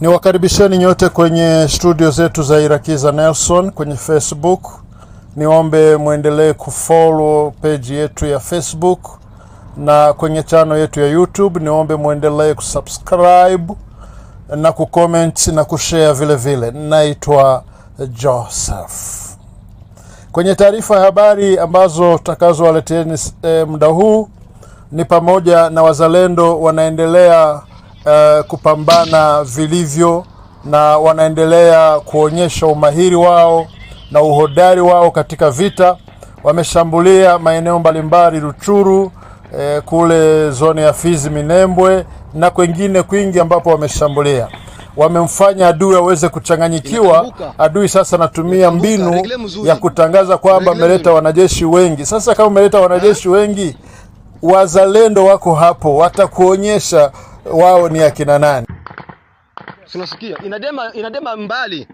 Niwakaribisheni nyote kwenye studio zetu za Irakiza Nelson kwenye Facebook. Niombe mwendelee kufollow page yetu ya Facebook na kwenye chano yetu ya YouTube. Niombe mwendelee kusubscribe na kucomment na kushare vile vile. Naitwa Joseph. Kwenye taarifa ya habari ambazo tutakazowaleteni e, muda huu ni pamoja na wazalendo wanaendelea uh, kupambana vilivyo na wanaendelea kuonyesha umahiri wao na uhodari wao katika vita. Wameshambulia maeneo mbalimbali Ruchuru, eh, kule zone ya Fizi Minembwe na kwengine kwingi ambapo wameshambulia wamemfanya adui aweze kuchanganyikiwa. Adui sasa anatumia mbinu ya kutangaza kwamba ameleta wanajeshi wengi. Sasa kama umeleta wanajeshi eh? wengi, wazalendo wako hapo, watakuonyesha wao ni akina nani? Tunasikia inadema, inadema mbali.